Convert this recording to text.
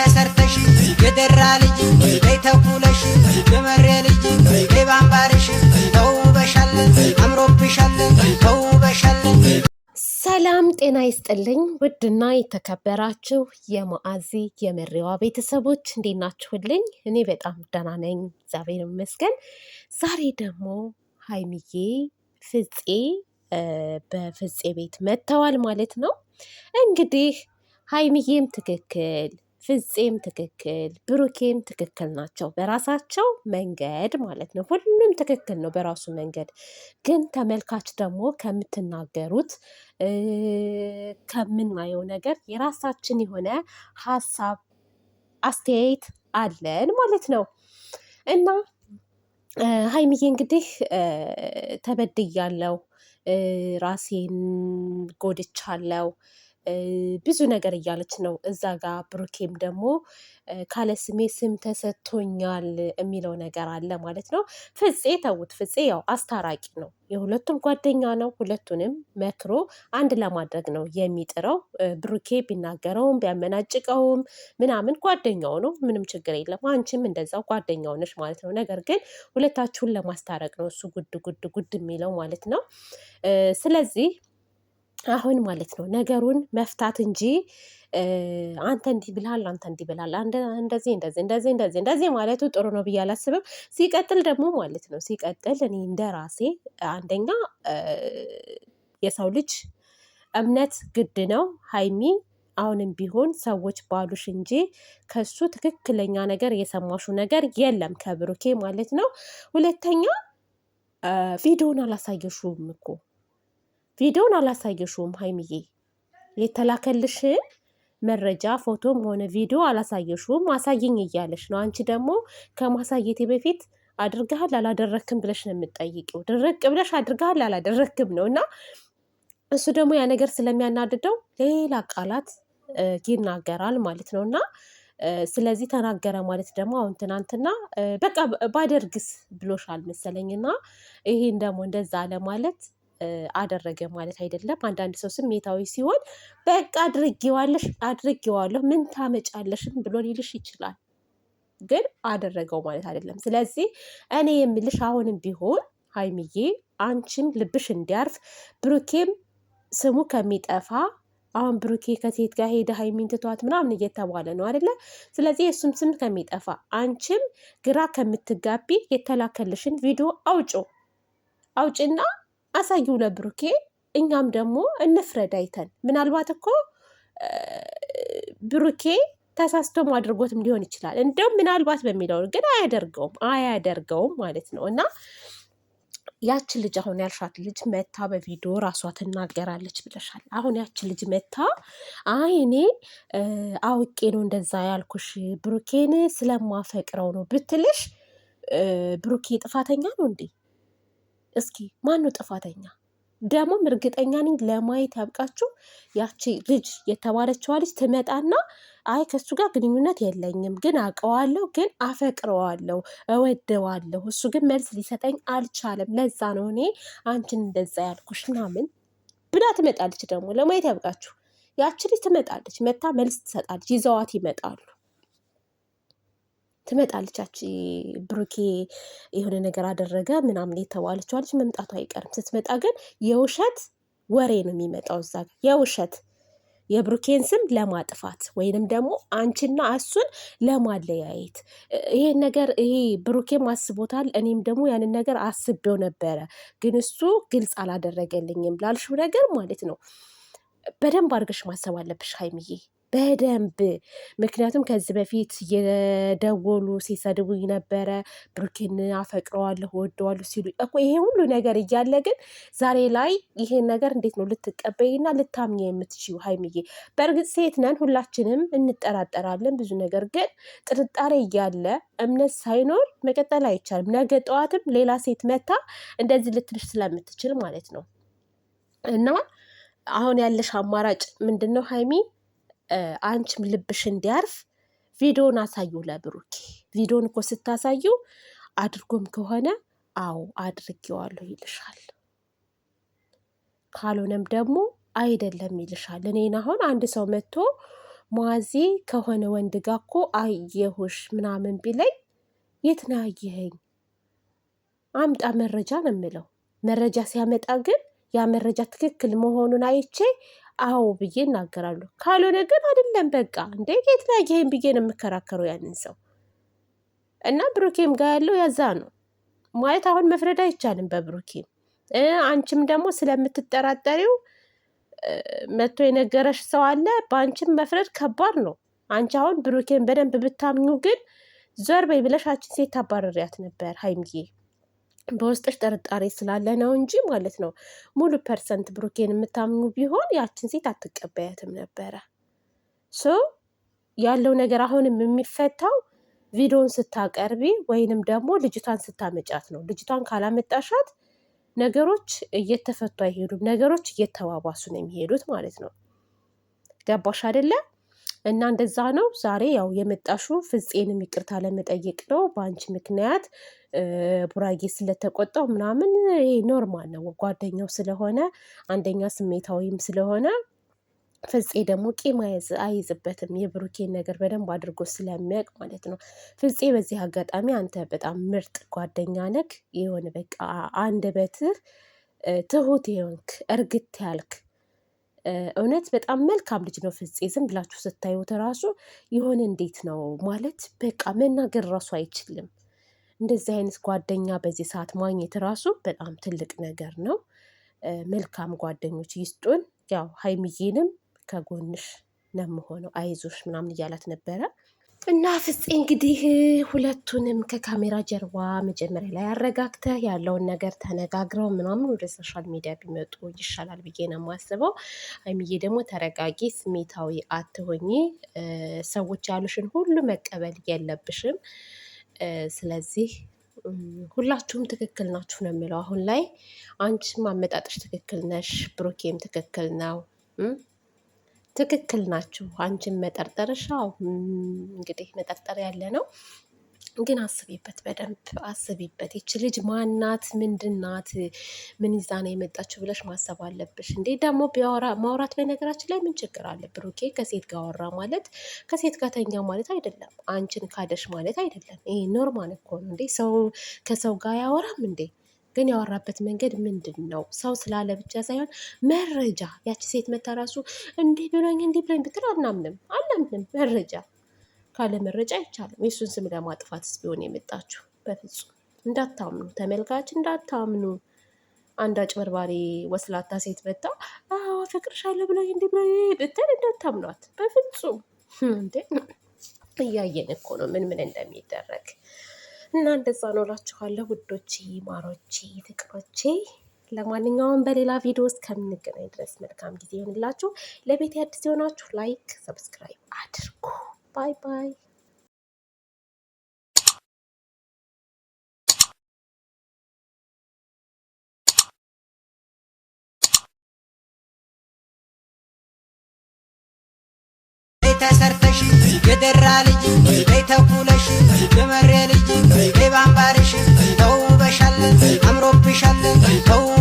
ተሰርተሽ የደራ ልጅ በይ ተኩለሽ የመሬ ልጅ በይ ባምባርሽ ተውበሻለን አምሮብሻለን ተውበሻለን። ሰላም ጤና ይስጥልኝ። ውድና የተከበራችሁ የማአዚ የመሬዋ ቤተሰቦች እንዴት ናችሁልኝ? እኔ በጣም ደህና ነኝ፣ እግዚአብሔር ይመስገን። ዛሬ ደግሞ ሀይሚዬ ፍፄ በፍፄ ቤት መጥተዋል ማለት ነው እንግዲህ ሀይሚዬም ትክክል ፍፄም ትክክል ብሩኬም ትክክል ናቸው። በራሳቸው መንገድ ማለት ነው። ሁሉም ትክክል ነው በራሱ መንገድ። ግን ተመልካች ደግሞ ከምትናገሩት ከምናየው ነገር የራሳችን የሆነ ሀሳብ፣ አስተያየት አለን ማለት ነው እና ሀይሚዬ እንግዲህ ተበድያለው፣ ራሴን ጎድቻለው ብዙ ነገር እያለች ነው። እዛ ጋር። ብሩኬም ደግሞ ካለ ስሜ ስም ተሰጥቶኛል የሚለው ነገር አለ ማለት ነው። ፍፄ ተውት። ፍፄ ያው አስታራቂ ነው። የሁለቱም ጓደኛ ነው። ሁለቱንም መክሮ አንድ ለማድረግ ነው የሚጥረው። ብሩኬ ቢናገረውም ቢያመናጭቀውም ምናምን ጓደኛው ነው፣ ምንም ችግር የለም። አንቺም እንደዛው ጓደኛው ነሽ ማለት ነው። ነገር ግን ሁለታችሁን ለማስታረቅ ነው እሱ ጉድ ጉድ ጉድ የሚለው ማለት ነው። ስለዚህ አሁን ማለት ነው ነገሩን መፍታት እንጂ አንተ እንዲህ ብላል፣ አንተ እንዲህ ብላል፣ እንደዚህ እንደዚህ እንደዚህ እንደዚህ እንደዚህ ማለቱ ጥሩ ነው ብዬ አላስብም። ሲቀጥል ደግሞ ማለት ነው ሲቀጥል እኔ እንደ ራሴ አንደኛ የሰው ልጅ እምነት ግድ ነው ሀይሚ አሁንም ቢሆን ሰዎች ባሉሽ እንጂ ከሱ ትክክለኛ ነገር የሰማሹ ነገር የለም ከብሩኬ ማለት ነው። ሁለተኛ ቪዲዮን አላሳየሹም እኮ ቪዲዮን አላሳየሽውም ሀይሚዬ። የተላከልሽን መረጃ ፎቶም ሆነ ቪዲዮ አላሳየሽውም። አሳየኝ እያለሽ ነው። አንቺ ደግሞ ከማሳየቴ በፊት አድርገሃል አላደረክም ብለሽ ነው የምጠይቂው። ድርቅ ብለሽ አድርገሃል አላደረክም ነው እና እሱ ደግሞ ያ ነገር ስለሚያናድደው ሌላ ቃላት ይናገራል ማለት ነው እና ስለዚህ ተናገረ ማለት ደግሞ አሁን ትናንትና በቃ ባደርግስ ብሎሻል መሰለኝ እና ይሄን ደግሞ እንደዛ አለ ማለት አደረገ ማለት አይደለም። አንዳንድ ሰው ስሜታዊ ሲሆን በቃ አድርጌዋለሽ አድርጌዋለሁ ምን ታመጫለሽም ብሎ ሊልሽ ይችላል። ግን አደረገው ማለት አይደለም። ስለዚህ እኔ የምልሽ አሁንም ቢሆን ሀይሚዬ አንቺም ልብሽ እንዲያርፍ ብሩኬም ስሙ ከሚጠፋ አሁን ብሩኬ ከሴት ጋር ሄደ ሀይሚን ትቷት ምናምን እየተባለ ነው አይደለ? ስለዚህ የእሱም ስም ከሚጠፋ አንቺም ግራ ከምትጋቢ የተላከልሽን ቪዲዮ አውጮ አውጭና አሳየው ለብሩኬ፣ እኛም ደግሞ እንፍረድ አይተን። ምናልባት እኮ ብሩኬ ተሳስቶም አድርጎትም ሊሆን ይችላል። እንደውም ምናልባት በሚለው ግን አያደርገውም አያደርገውም ማለት ነው እና ያች ልጅ አሁን ያልሻት ልጅ መታ በቪዲዮ ራሷ ትናገራለች ብለሻል። አሁን ያች ልጅ መታ አይ እኔ አውቄ ነው እንደዛ ያልኩሽ ብሩኬን ስለማፈቅረው ነው ብትልሽ ብሩኬ ጥፋተኛ ነው እንዴ? እስኪ ማነው ጥፋተኛ? ደግሞም እርግጠኛ ነኝ ለማየት ያብቃችሁ። ያቺ ልጅ የተባለችዋ ልጅ ትመጣና አይ ከሱ ጋር ግንኙነት የለኝም፣ ግን አውቀዋለሁ፣ ግን አፈቅረዋለሁ፣ እወደዋለሁ፣ እሱ ግን መልስ ሊሰጠኝ አልቻለም፣ ለዛ ነው እኔ አንቺን እንደዛ ያልኩሽ ምናምን ብላ ትመጣለች። ደግሞ ለማየት ያብቃችሁ። ያቺ ልጅ ትመጣለች፣ መታ መልስ ትሰጣለች፣ ይዘዋት ይመጣሉ። ትመጣለች። ብሩኬ የሆነ ነገር አደረገ ምናምን የተባለችዋ ልጅ መምጣቱ አይቀርም። ስትመጣ ግን የውሸት ወሬ ነው የሚመጣው እዛ ጋር የውሸት የብሩኬን ስም ለማጥፋት ወይንም ደግሞ አንቺና እሱን ለማለያየት ይሄን ነገር ይሄ ብሩኬም አስቦታል፣ እኔም ደግሞ ያንን ነገር አስቤው ነበረ፣ ግን እሱ ግልጽ አላደረገልኝም ላልሽው ነገር ማለት ነው በደንብ አድርገሽ ማሰብ አለብሽ ሀይሚዬ። በደንብ ምክንያቱም ከዚህ በፊት የደወሉ ሲሰድቡኝ ነበረ። ብሩኬን አፈቅረዋለሁ እወደዋለሁ ሲሉ እኮ ይሄ ሁሉ ነገር እያለ ግን ዛሬ ላይ ይሄን ነገር እንዴት ነው ልትቀበይና ልታምኝ የምትችይው ሀይምዬ? በእርግጥ ሴት ነን፣ ሁላችንም እንጠራጠራለን ብዙ ነገር። ግን ጥርጣሬ እያለ እምነት ሳይኖር መቀጠል አይቻልም። ነገ ጠዋትም ሌላ ሴት መታ እንደዚህ ልትልሽ ስለምትችል ማለት ነው እና አሁን ያለሽ አማራጭ ምንድን ነው ሀይሚ? አንቺም ልብሽ እንዲያርፍ ቪዲዮን አሳዩ ለብሩኬ። ቪዲዮን እኮ ስታሳዩ አድርጎም ከሆነ አዎ አድርጌዋለሁ ይልሻል፣ ካልሆነም ደግሞ አይደለም ይልሻል። እኔን አሁን አንድ ሰው መጥቶ ሙአዜ ከሆነ ወንድ ጋ እኮ አየሁሽ ምናምን ቢለኝ የት ነው ያየኸኝ? አምጣ መረጃ ነው የምለው። መረጃ ሲያመጣ ግን ያ መረጃ ትክክል መሆኑን አይቼ አዎ ብዬ እናገራሉ። ካልሆነ ግን አይደለም በቃ እንዴ ጌት ላይ ይሄን ብዬ ነው የምከራከረው ያንን ሰው እና ብሩኬም ጋር ያለው ያዛ ነው ማለት አሁን መፍረድ አይቻልም በብሩኬም። አንቺም ደግሞ ስለምትጠራጠሪው መጥቶ የነገረሽ ሰው አለ። በአንቺም መፍረድ ከባድ ነው። አንቺ አሁን ብሩኬን በደንብ ብታምኙ ግን ዞር በይ ሴት አባረሪያት ነበር ሀይሚዬ። በውስጥሽ ጥርጣሬ ስላለ ነው እንጂ ማለት ነው። ሙሉ ፐርሰንት ብሩኬን የምታምኑ ቢሆን ያችን ሴት አትቀበያትም ነበረ። ሶ ያለው ነገር አሁንም የሚፈታው ቪዲዮን ስታቀርቢ ወይንም ደግሞ ልጅቷን ስታመጫት ነው። ልጅቷን ካላመጣሻት ነገሮች እየተፈቱ አይሄዱም። ነገሮች እየተባባሱ ነው የሚሄዱት ማለት ነው። ገባሽ አይደለም? እና እንደዛ ነው። ዛሬ ያው የመጣሹ ፍፄንም ይቅርታ ለመጠየቅ ነው። በአንቺ ምክንያት ቡራጌ ስለተቆጣው ምናምን ይሄ ኖርማል ነው። ጓደኛው ስለሆነ አንደኛ ስሜታዊም ስለሆነ ፍፄ ደግሞ ቂም አይዝበትም የብሩኬን ነገር በደንብ አድርጎ ስለሚያውቅ ማለት ነው። ፍፄ በዚህ አጋጣሚ አንተ በጣም ምርጥ ጓደኛ ነክ የሆነ በቃ አንደበትህ ትሁት የሆንክ እርግት ያልክ እውነት በጣም መልካም ልጅ ነው ፍፄ። ዝም ብላችሁ ስታዩት ራሱ የሆነ እንዴት ነው ማለት በቃ መናገር ራሱ አይችልም። እንደዚህ አይነት ጓደኛ በዚህ ሰዓት ማግኘት ራሱ በጣም ትልቅ ነገር ነው። መልካም ጓደኞች ይስጡን። ያው ሀይሚዬንም ከጎንሽ ነው የምሆነው አይዞሽ ምናምን እያላት ነበረ። እና ፍፄ እንግዲህ ሁለቱንም ከካሜራ ጀርባ መጀመሪያ ላይ አረጋግተህ ያለውን ነገር ተነጋግረው ምናምን ወደ ሶሻል ሚዲያ ቢመጡ ይሻላል ብዬ ነው የማስበው። ሀይሚዬ ደግሞ ተረጋጊ፣ ስሜታዊ አትሆኚ። ሰዎች ያሉሽን ሁሉ መቀበል የለብሽም። ስለዚህ ሁላችሁም ትክክል ናችሁ ነው የምለው። አሁን ላይ አንቺም አመጣጥሽ ትክክል ነሽ፣ ብሩኬም ትክክል ነው። ትክክል ናችሁ። አንቺን መጠርጠርሽ አዎ እንግዲህ መጠርጠር ያለ ነው። ግን አስቢበት፣ በደንብ አስቢበት። ይች ልጅ ማናት? ምንድናት? ምን ይዛ ነው የመጣችው ብለሽ ማሰብ አለብሽ። እንዴ ደግሞ ቢያወራ ማውራት፣ በነገራችን ላይ ምን ችግር አለ ብሩኬ? ከሴት ጋር አወራ ማለት ከሴት ጋር ተኛ ማለት አይደለም። አንቺን ካደሽ ማለት አይደለም። ይሄ ኖርማል እኮ ነው። እንዴ ሰው ከሰው ጋር አያወራም እንዴ? ግን ያወራበት መንገድ ምንድን ነው? ሰው ስላለ ብቻ ሳይሆን መረጃ ያቺ ሴት መታ ራሱ እንዲህ ብሎኝ እንዲህ ብሎኝ ብትል አናምንም አናምንም። መረጃ ካለ መረጃ አይቻልም። የሱን ስም ለማጥፋትስ ቢሆን የመጣችሁ በፍጹም እንዳታምኑ፣ ተመልካች እንዳታምኑ። አንድ አጭበርባሪ ወስላታ ሴት መታ አዎ አፈቅርሻለሁ ብሎኝ እንዲህ ብሎኝ ብትል እንዳታምኗት በፍጹም እንዴ። እያየን እኮ ነው ምን ምን እንደሚደረግ። እና እንደዛ ነው ውዶቼ፣ ማሮቼ፣ ፍቅሮቼ። ለማንኛውም በሌላ ቪዲዮ እስከምንገናኝ ድረስ መልካም ጊዜ ይሆንላችሁ። ለቤት አዲስ የሆናችሁ ላይክ፣ ሰብስክራይብ አድርጉ። ባይ ባይ። ተሰርተሽ የደራ ልጅ ይሻለን ተው